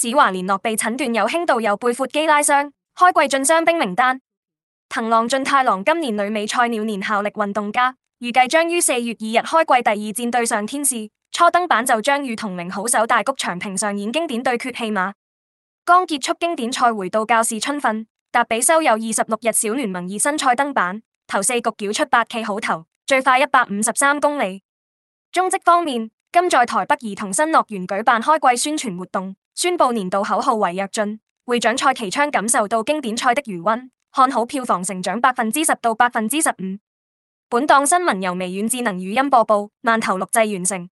史華聯絡被診斷有輕度右背闊肌拉傷，開季進傷兵名單。藤浪晉太郎今年旅美菜鳥年效力運動家，預計將於四月二日開季第二戰對上天使，初登板就將與同齡好手大谷翔平上演經典對決戲碼。剛結束經典賽，回到教士春訓，達比修有二十六日小聯盟熱身賽登板，頭四局繳出八 K 好投，最快一百五十三公里。中職方面，今在台北兒童新樂園舉辦開季宣傳活動。宣布年度口號為躍進。會長蔡其昌感受到經典賽的餘溫，看好票房成長百分之十到百分之十五。本檔新聞由微軟智能語音播報，慢頭錄製完成。